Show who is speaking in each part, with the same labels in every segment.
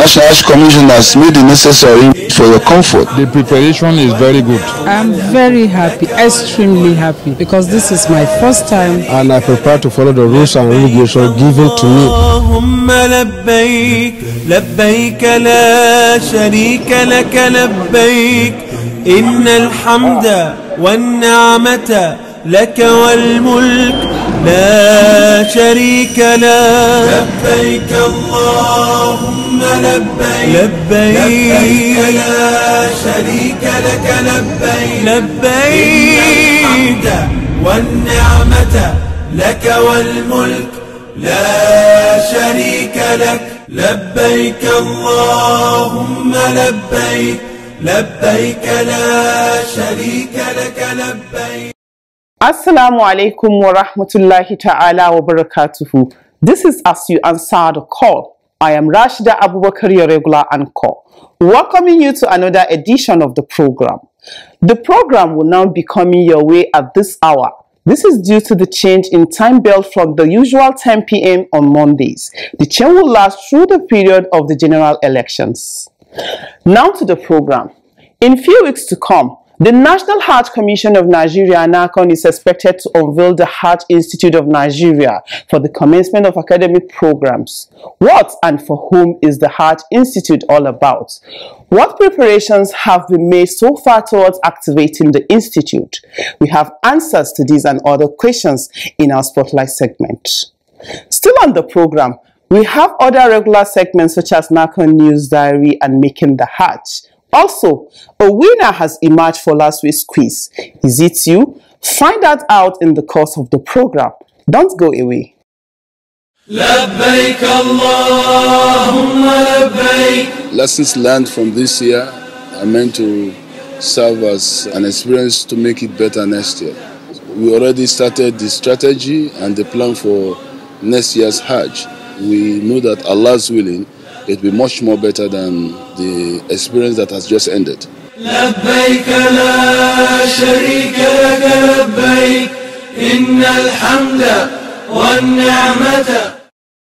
Speaker 1: National Commission has made the necessary for your comfort. The preparation is very good.
Speaker 2: I'm very happy, extremely happy, because this is my first time. And I prepare to follow the rules and regulations given to
Speaker 3: me. إن الحمد والنعمة لك والملك لا شريك له لبيك اللهم لبيك لبيك لا شريك لك لبيك لبيك والنعمة لك والملك لا شريك لك لبيك اللهم لبيك لبيك لا شريك لك لبيك
Speaker 4: Assalamu alaikum wa rahmatullahi ta'ala wa barakatuhu. This is As You Answer the Call. I am Rashida Abubakar, your regular anchor, welcoming you to another edition of the program. The program will now be coming your way at this hour. This is due to the change in time belt from the usual 10 p.m. on Mondays. The change will last through the period of the general elections. Now to the program. In few weeks to come, the National Heart Commission of Nigeria, NACON, is expected to unveil the Heart Institute of Nigeria for the commencement of academic programs. What and for whom is the Heart Institute all about? What preparations have been made so far towards activating the Institute? We have answers to these and other questions in our Spotlight segment. Still on the program, we have other regular segments such as NACON News Diary and Making the Heart. Also, a winner has emerged for last week's quiz. Is it you? Find that out in the course of the program. Don't go away.
Speaker 3: Lessons
Speaker 1: learned from this year are meant to serve as an experience to make it better next year. We already started the strategy and the plan for next year's Hajj. We know that Allah's willing, it will be much more better than the experience that has just ended.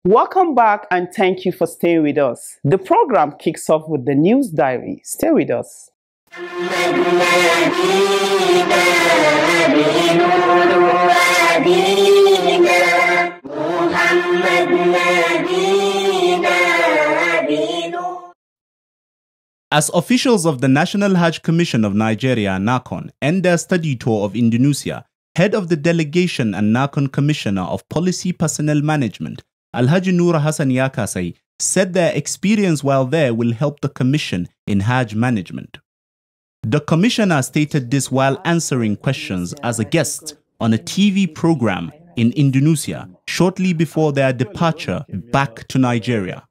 Speaker 4: Welcome back and thank you for staying with us. The program kicks off with the news diary. Stay with us.
Speaker 3: محمد
Speaker 5: As officials of the National Hajj Commission of Nigeria, NACON, end their study tour of Indonesia, head of the delegation and NACON Commissioner of Policy Personnel Management, Alhaji Nur Hassan Yakasai, said their experience while there will help the Commission in Hajj management. The Commissioner stated this while answering questions as a guest on a TV program in Indonesia shortly before their departure back to Nigeria.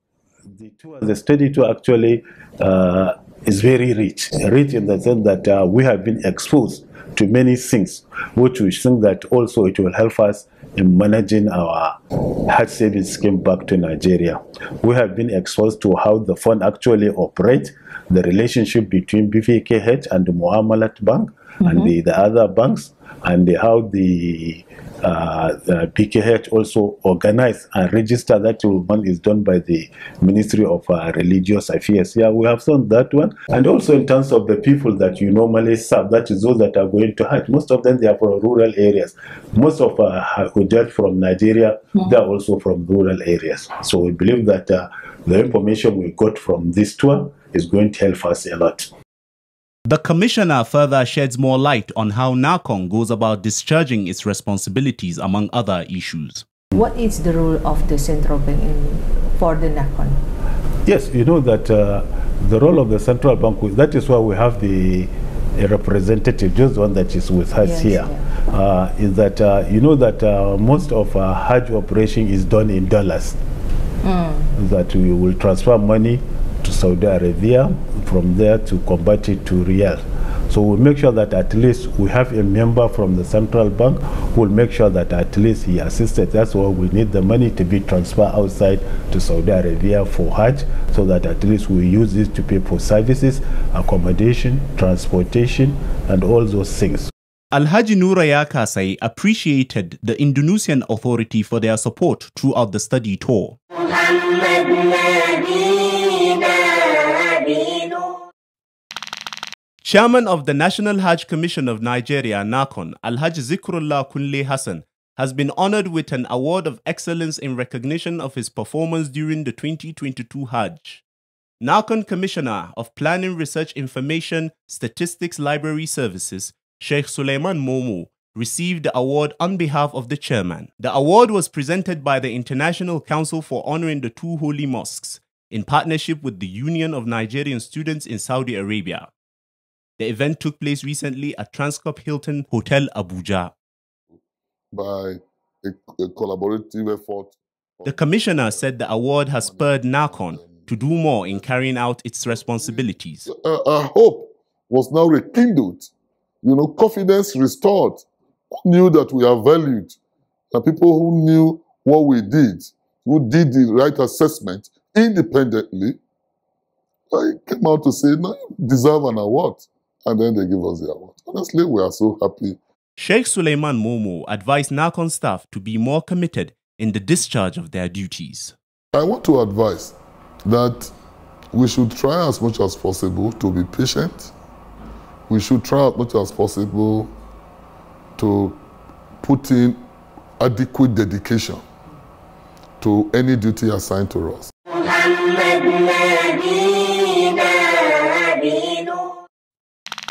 Speaker 6: the study tour actually uh, is very rich. Rich in the sense that uh, we have been exposed to many things, which we think that also it will help us in managing our hard savings scheme back to Nigeria. We have been exposed to how the fund actually operates, the relationship between BVKH and the Muamalat Bank mm -hmm. and mm-hmm. the, the, other banks, and the, how the uh, the PKH also organize and register that one is done by the Ministry of uh, Religious Affairs. Yeah, we have done that one. And also in terms of the people that you normally serve, that is those that are going to Hajj. Most of them, they are from rural areas. Most of uh, Hajjaj from Nigeria, yeah. Hmm. they are also from rural areas. So we believe that uh, the information we got from this tour is going to help us a lot.
Speaker 5: The commissioner further sheds more light on how NARCON goes about discharging its responsibilities, among other issues. What is
Speaker 7: the role of the central bank in, for the NARCON?
Speaker 6: Yes, you know that uh, the role of the central bank, that is why we have the a representative, just one that is with us yes, here, yeah. uh, is that uh, you know that uh, most of our Hajj operation is done in dollars.
Speaker 8: Mm.
Speaker 6: That we will transfer money to Saudi Arabia from there to convert it to real. So we make sure that at least we have a member from the central bank who will make sure that at least he assisted. That's why we need the money to be transferred outside to Saudi Arabia for Hajj so that at least we use this to pay for services, accommodation, transportation, and all those things.
Speaker 5: Alhaji Nuraya Kasai appreciated the Indonesian authority for their support throughout the study tour. Chairman of the National Hajj Commission of Nigeria, Al hajj Zikrullah Kunle Hassan, has been honored with an award of excellence in recognition of his performance during the 2022 Hajj. Nakan Commissioner of Planning Research Information Statistics Library Services, Sheikh Suleiman Momu, received the award on behalf of the chairman. The award was presented by the International Council for Honoring the Two Holy Mosques in partnership with the Union of Nigerian Students in Saudi Arabia. The event took place recently at Transcorp Hilton Hotel Abuja.
Speaker 1: By a, a collaborative
Speaker 5: effort. The commissioner said the award has spurred Narcon to do more in carrying out its responsibilities.
Speaker 1: Our, uh, our hope was now rekindled, you know, confidence restored. Who knew that we are valued? The people who knew what we did, who did the right assessment independently, I came out to say, no, you deserve an award and then they give us the award. Honestly, we are so happy.
Speaker 5: Sheikh Suleiman Momo advised NACON staff to be more committed in the
Speaker 1: discharge of their duties. I want to advise that we should try as much as possible to be patient. We should try as much as possible to put in adequate dedication to any duty assigned to us.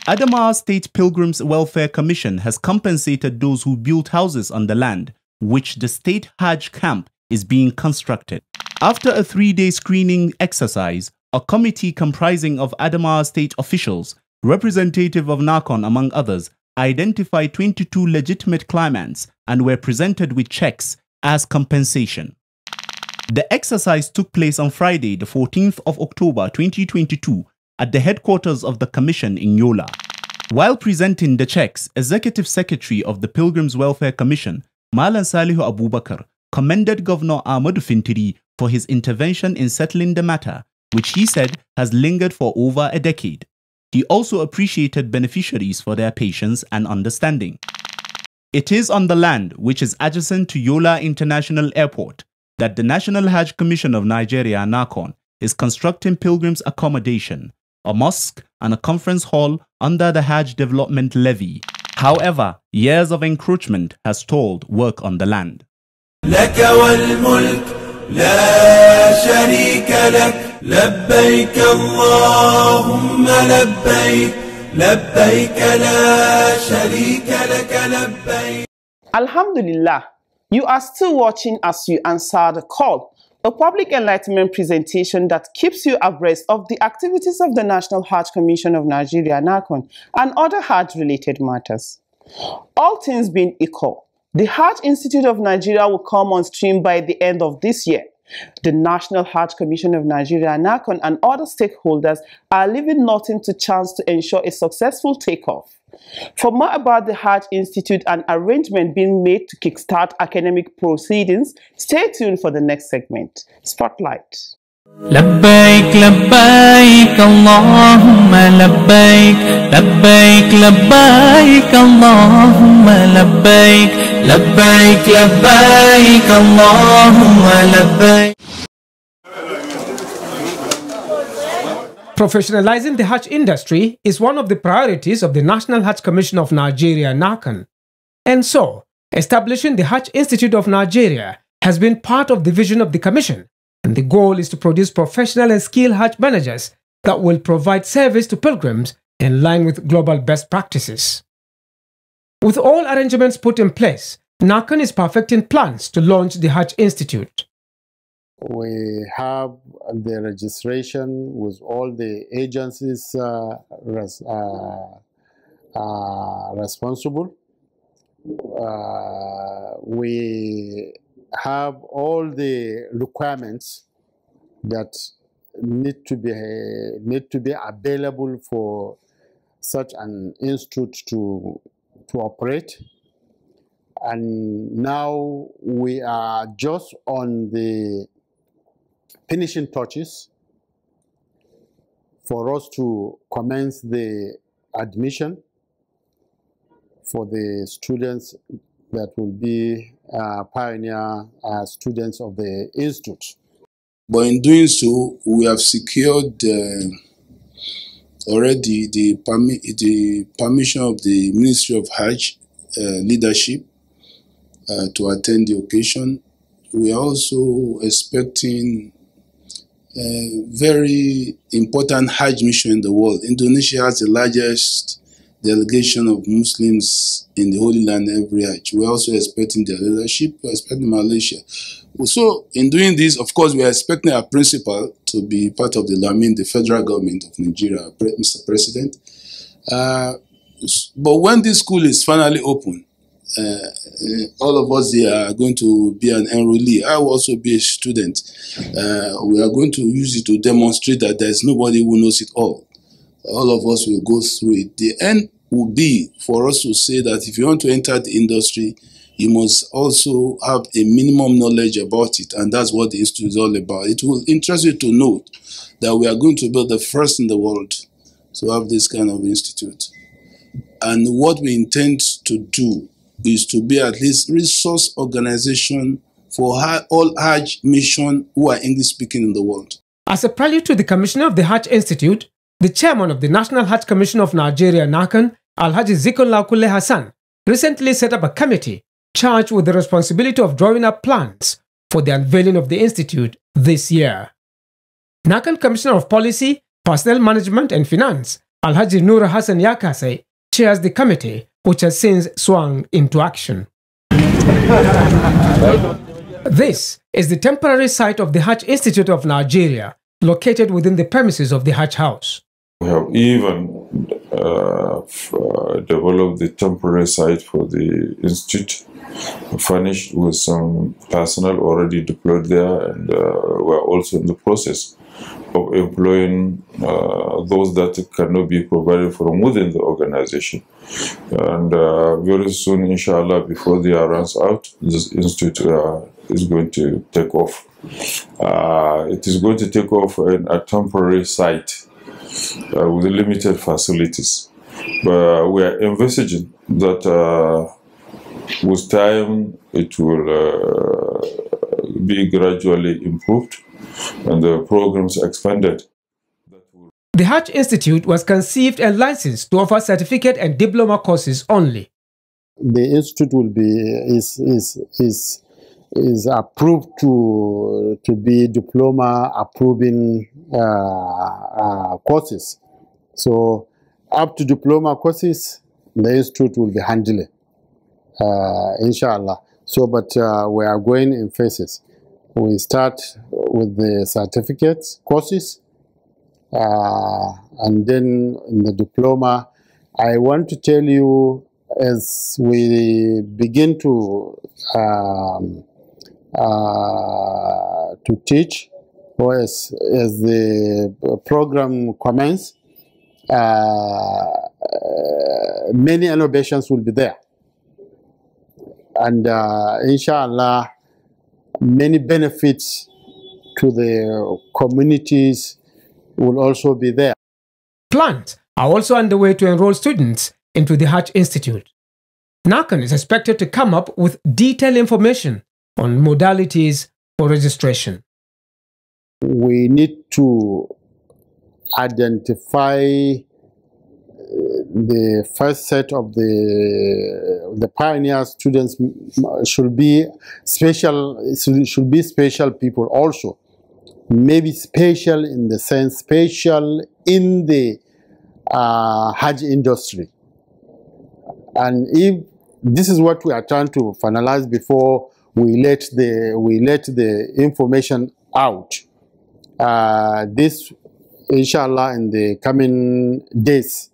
Speaker 5: Adamawa State Pilgrims Welfare Commission has compensated those who built houses on the land, which the state Hajj camp is being constructed. After a three-day screening exercise, a committee comprising of Adamawa state officials, representative of Narkon among others, identified 22 legitimate claimants and were presented with checks as compensation. The exercise took place on Friday, the 14th of October 2022 at the headquarters of the Commission in Yola. While presenting the checks, Executive Secretary of the Pilgrims Welfare Commission, Malan Salihu Abubakar, commended Governor Ahmed Fintiri for his intervention in settling the matter, which he said has lingered for over a decade. He also appreciated beneficiaries for their patience and understanding. It is on the land which is adjacent to Yola International Airport that the National Hajj Commission of Nigeria, NACON, is constructing pilgrims' accommodation a mosque, and a conference hall under the Hajj development levy. However, years of encroachment has stalled work on the land.
Speaker 4: Alhamdulillah, you are still watching as you answer the call a public enlightenment presentation that keeps you abreast of the activities of the National Heart Commission of Nigeria, NACON, and other heart-related matters. All things being equal, the Heart Institute of Nigeria will come on stream by the end of this year. The National Heart Commission of Nigeria, NACON, and other stakeholders are leaving nothing to chance to ensure a successful takeoff. For more about the Heart Institute and arrangement being made to kickstart academic proceedings, stay tuned for the next segment, Spotlight.
Speaker 3: لبيك لبيك اللهم لبيك لبيك لبيك اللهم لبيك لبيك لبيك اللهم
Speaker 2: لبيك Professionalizing the hatch industry is one of the priorities of the National Hatch Commission of Nigeria, NACAN. And so, establishing the Hatch Institute of Nigeria has been part of the vision of the Commission, and the goal is to produce professional and skilled hatch managers that will provide service to pilgrims in line with global best practices. With all arrangements put in place, NACAN is perfecting plans to launch the Hatch Institute
Speaker 8: we have the registration with all the agencies uh, res uh, uh responsible. Uh, we have all the requirements that need to be need to be available for such an institute to to operate and now we are just on the finishing touches for us to commence the admission for the students that will be uh, pioneer uh, students of the institute.
Speaker 1: But in doing so, we have secured uh, already the, permi the permission of the Ministry of Hajj uh, leadership uh, to attend the occasion. We are also expecting a very important Hajj mission in the world. Indonesia has the largest delegation of Muslims in the Holy Land every Hajj. We're also expecting their leadership, we're expecting Malaysia. So, in doing this, of course, we are expecting our principal to be part of the Lamin, the federal government of Nigeria, Mr. President. Uh, but when this school is finally open, uh, uh, all of us here are going to be an enrollee. I will also be a student. Uh, we are going to use it to demonstrate that there is nobody who knows it all. All of us will go through it. The end will be for us to say that if you want to enter the industry, you must also have a minimum knowledge about it, and that's what the institute is all about. It will interest you to know that we are going to build the first in the world to have this kind of institute. And what we intend to do is to be at least resource organization for all Hajj mission who are English speaking in the world.
Speaker 2: As a prelude to the commissioner of the Hajj Institute, the chairman of the National Hajj Commission of Nigeria, Nakan, Alhaji Zikon Laukule Hassan, recently set up a committee charged with the responsibility of drawing up plans for the unveiling of the institute this year. Nakan Commissioner of Policy, Personnel Management and Finance, Alhaji Nur Hassan Yakase, chairs the committee which has since swung into action. this is the temporary site of the Hatch Institute of Nigeria, located within the premises of the Hatch House.
Speaker 4: We have even uh, uh, developed the temporary site for the institute, furnished with some personnel already deployed there, and uh, we're also in the process of employing uh, those that cannot be provided from within the organization. And uh, very soon, inshallah, before the year runs out, this institute uh, is going to take off. Uh, it is going to take off in a temporary site uh, with limited facilities. But we are envisaging that uh, with time it will be gradually improved and the programs expanded.
Speaker 2: The Hatch Institute was conceived and licensed to offer certificate and diploma courses only.
Speaker 8: The institute will be is is is is approved to to be diploma approving uh, uh, courses. So up to diploma courses, the institute will be handling, uh, inshallah. So, but uh, we are going in phases we start with the certificates courses uh, and then in the diploma I want to tell you as we begin to um, uh, to teach or as, as the program commences, uh, many innovations will be there and uh, inshallah many benefits to the communities will also be there.
Speaker 2: Plans are also underway to enroll students into the Hatch Institute. NACAN is expected to come up with detailed information on modalities for registration.
Speaker 8: We need to identify the first set of the the pioneer students should be special should be special people also maybe special in the sense special in the uh, Hajj industry and if this is what we are trying to finalize before we let the we let the information out uh, this inshallah in the coming days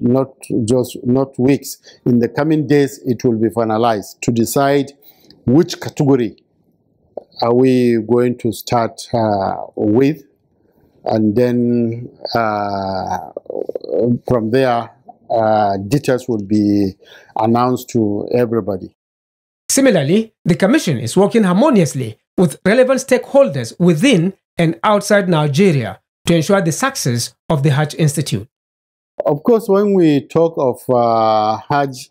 Speaker 8: not just not weeks. In the coming days, it will be finalized to decide which category are we going to start uh, with, and then uh, from there, uh, details will be announced to everybody.
Speaker 2: Similarly, the Commission is working harmoniously with relevant stakeholders within and outside Nigeria to ensure the success of the Hutch Institute.
Speaker 8: Of course, when we talk of uh, Hajj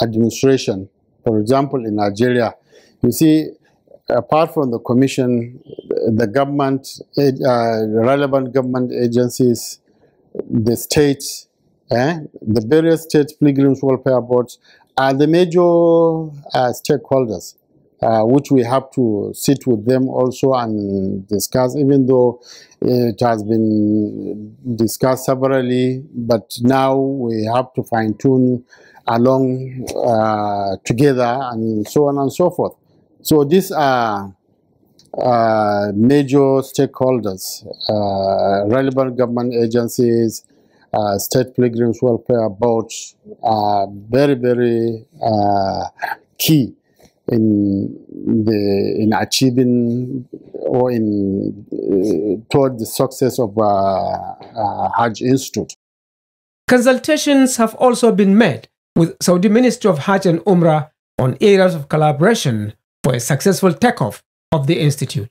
Speaker 8: administration, for example, in Nigeria, you see, apart from the commission, the government, eh, uh, relevant government agencies, the states, eh, the various state pilgrims welfare boards are the major uh, stakeholders uh, which we have to sit with them also and discuss, even though it has been discussed severally, but now we have to fine tune along uh, together and so on and so forth. So these are uh, major stakeholders, uh, relevant government agencies, uh, state pilgrims welfare boards are very, very uh, key in the in achieving or in uh, toward the success of uh, uh,
Speaker 2: Hajj Institute. Consultations have also been made with Saudi Ministry of Hajj and Umrah on areas of collaboration for a successful takeoff of the institute.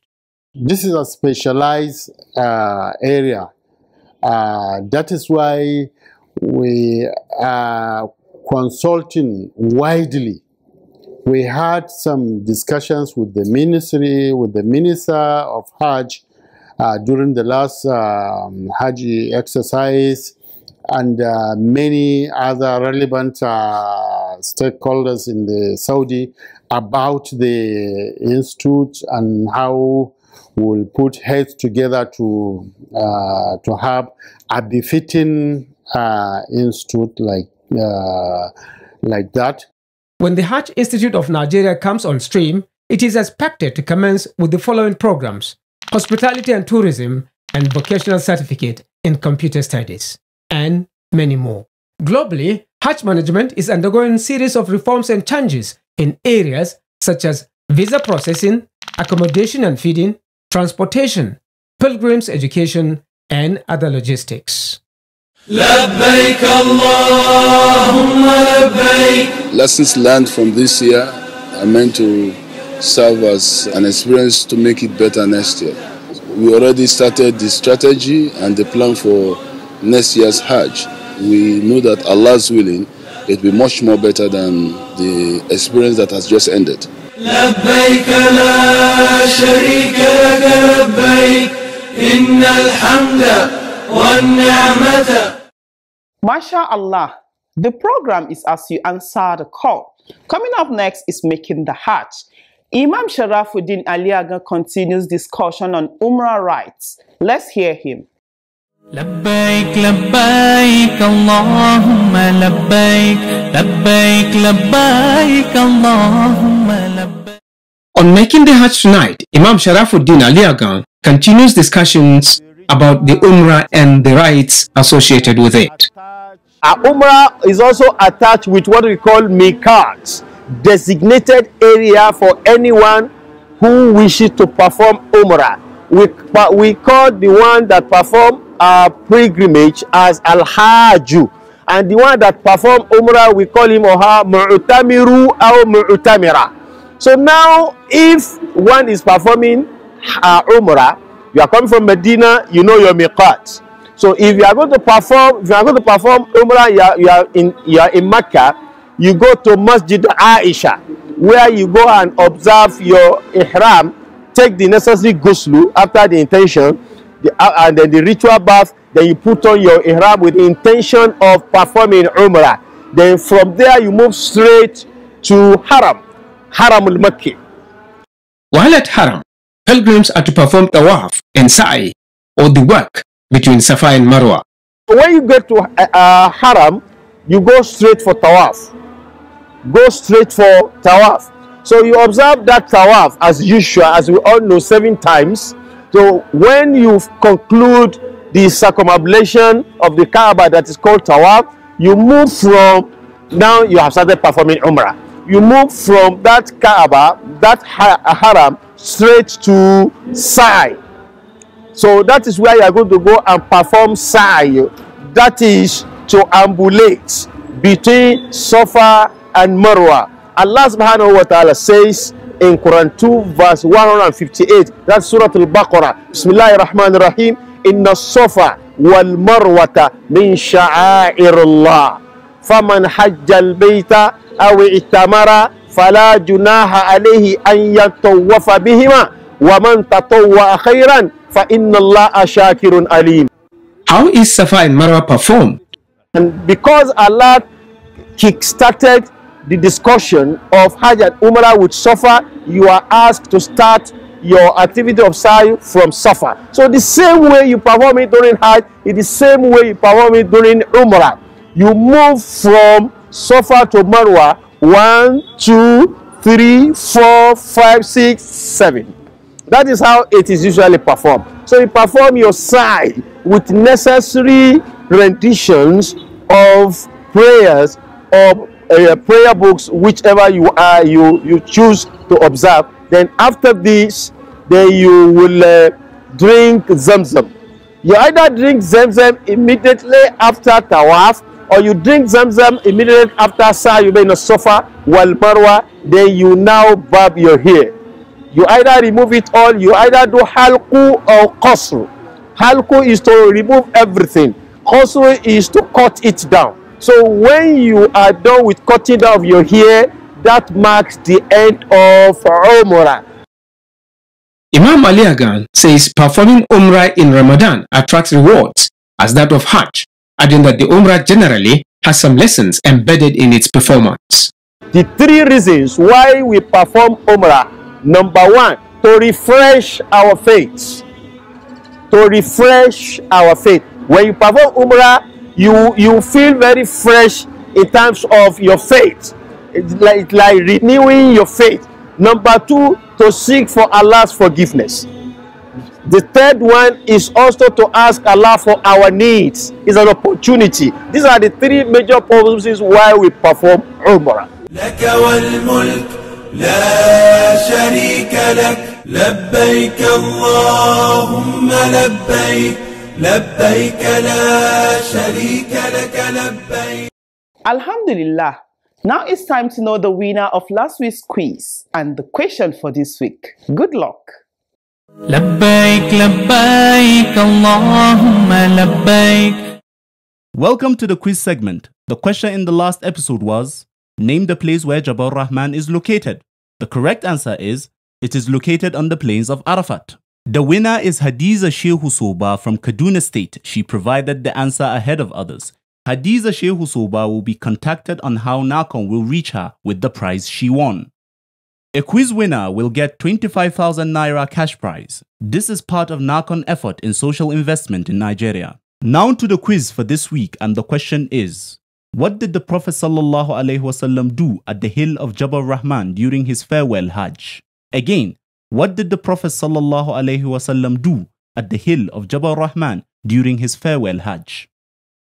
Speaker 8: This is a specialized uh, area. Uh, that is why we are consulting widely we had some discussions with the ministry, with the minister of Hajj uh, during the last um, Hajj exercise and uh, many other relevant uh, stakeholders in the Saudi about the institute and how we'll put heads together to uh, to have a befitting uh, institute like uh, like
Speaker 2: that when the Hatch Institute of Nigeria comes on stream, it is expected to commence with the following programs hospitality and tourism, and vocational certificate in computer studies, and many more. Globally, Hatch management is undergoing a series of reforms and changes in areas such as visa processing, accommodation and feeding, transportation, pilgrims education, and other logistics.
Speaker 1: Lessons learned from this year are meant to serve as an experience to make it better next year. We already started the strategy and the plan for next year's Hajj. We know that Allah's willing, it will be much more better than the experience that has just ended.
Speaker 4: Masha Allah, the program is as you answer the call. Coming up next is Making the Hajj. Imam Sharafuddin Ali Aga continues discussion on Umrah rights. Let's hear him.
Speaker 3: لبيك لبيك اللهم لبيك لبيك لبيك اللهم لبيك
Speaker 2: On Making the Hajj tonight, Imam Sharafuddin Ali Aga continues discussions about the Umrah and the rights associated with it.
Speaker 7: Our Umrah is also attached with what we call Mikat, designated area for anyone who wishes to perform Umrah. We, we call the one that perform uh, pilgrimage as al hajj And the one that perform Umrah, we call him or her Mu'tamiru or Mu'tamira. So now, if one is performing uh, Umrah, you are coming from Medina, you know your miqat. So if you are going to perform, if you are going to perform Umrah, you are, you are in you are in Mecca, you go to Masjid Aisha, where you go and observe your ihram, take the necessary ghusl after the intention, the, uh, and then the ritual bath. Then you put on your ihram with the intention of performing Umrah. Then from there you move straight to Haram, Haram al-Makki. وهل
Speaker 2: Haram? Pilgrims are to perform tawaf and sa'i or the work between Safa and Marwa.
Speaker 7: When you get to uh, uh, Haram, you go straight for tawaf. Go straight for tawaf. So you observe that tawaf as usual, as we all know, seven times. So when you conclude the circumambulation of the Kaaba that is called tawaf, you move from now you have started performing Umrah. you move from that Kaaba, that haram, straight to Sa'i. So that is where you are going to go and perform Sa'i. That is to ambulate between Safa and Marwa. Allah subhanahu wa ta'ala says in Quran 2 verse 158, that's Surah Al-Baqarah, Bismillah ar-Rahman ar-Rahim, Inna Safa wal Marwata min sha'air Allah. فمن حج البيت أو itamara فلا جناح عليه أن yatawafa بهما wa man tatawwa khairan fa inna allaha how is safa and marwa performed and because allah kick-started the discussion of hajj and umrah with safa you are asked to start your activity of sa'i from safa so the same way you perform it during hajj is the same way you perform it during umrah you move from sofa to Marwa one two three four five six seven that is how it is usually performed so you perform your side with necessary renditions of prayers or uh, prayer books whichever you are you you choose to observe then after this then you will uh, drink zamzam you either drink zamzam immediately after tawaf or you drink Zamzam immediately after Sa'i, you may not suffer, while marwa, then you now barb your hair. You either remove it all, you either do halku or qasr. Halku is to remove everything. Qasr is to cut it down. So when you are done with cutting down of your hair, that marks the end of Umrah.
Speaker 2: Imam Ali Agan says performing Umrah in Ramadan attracts rewards as that of Hajj adding that the Umrah generally has some lessons embedded in its performance.
Speaker 7: The three reasons why we perform Umrah. Number one, to refresh our faith. To refresh our faith. When you perform Umrah, you, you feel very fresh in terms of your faith. It's like, like renewing your faith. Number two, to seek for Allah's forgiveness. The third one is also to ask Allah for our needs. It's an opportunity. These are the three major purposes why we perform Umrah.
Speaker 3: لك والملك لا شريك لك لبيك اللهم لبيك لبيك لا شريك لك لبيك
Speaker 4: Alhamdulillah. Now it's time to know the winner of last week's quiz and the question for this week. Good luck.
Speaker 5: Allahumma Welcome to the quiz segment. The question in the last episode was, name the place where Jabal Rahman is located. The correct answer is, it is located on the plains of Arafat. The winner is Hadiza Shehu Soba from Kaduna State. She provided the answer ahead of others. Hadiza Shehu Soba will be contacted on how Nakon will reach her with the prize she won. A quiz winner will get 25,000 naira cash prize. This is part of Narcon effort in social investment in Nigeria. Now to the quiz for this week and the question is, what did the Prophet ﷺ do at the hill of Jabal Rahman during his farewell Hajj? Again, what did the Prophet ﷺ do at the hill of Jabal Rahman during his farewell Hajj?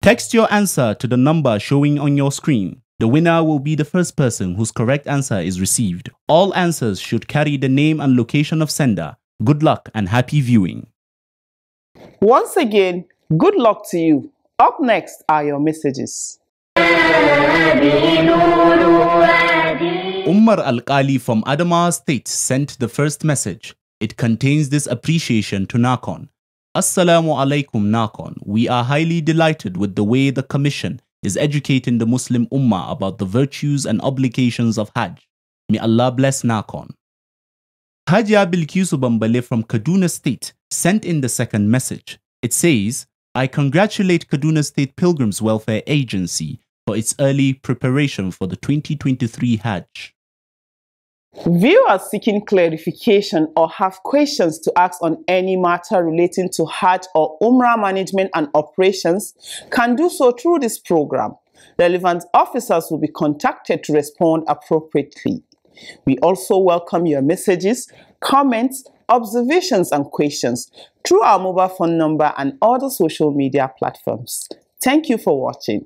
Speaker 5: Text your answer to the number showing on your screen. The winner will be the first person whose correct answer is received. All answers should carry the name and location of sender. Good luck and happy viewing.
Speaker 4: Once again, good luck to you. Up next are your messages. Umar
Speaker 5: Al-Qali from Adamawa State sent the first message. It contains this appreciation to Nakon. Assalamu alaikum Nakon. We are highly delighted with the way the Commission is educating the Muslim Ummah about the virtues and obligations of Hajj. May Allah bless Nakon. Hajia Bilkisu Bambale from Kaduna State sent in the second message. It says, I congratulate Kaduna State Pilgrims Welfare Agency for its early preparation for the 2023 Hajj.
Speaker 4: Viewers seeking clarification or have questions to ask on any matter relating to Hajj or Umrah management and operations can do so through this program. Relevant officers will be contacted to respond appropriately. We also welcome your messages, comments, observations, and questions through our mobile phone number and other social media platforms. Thank you for watching.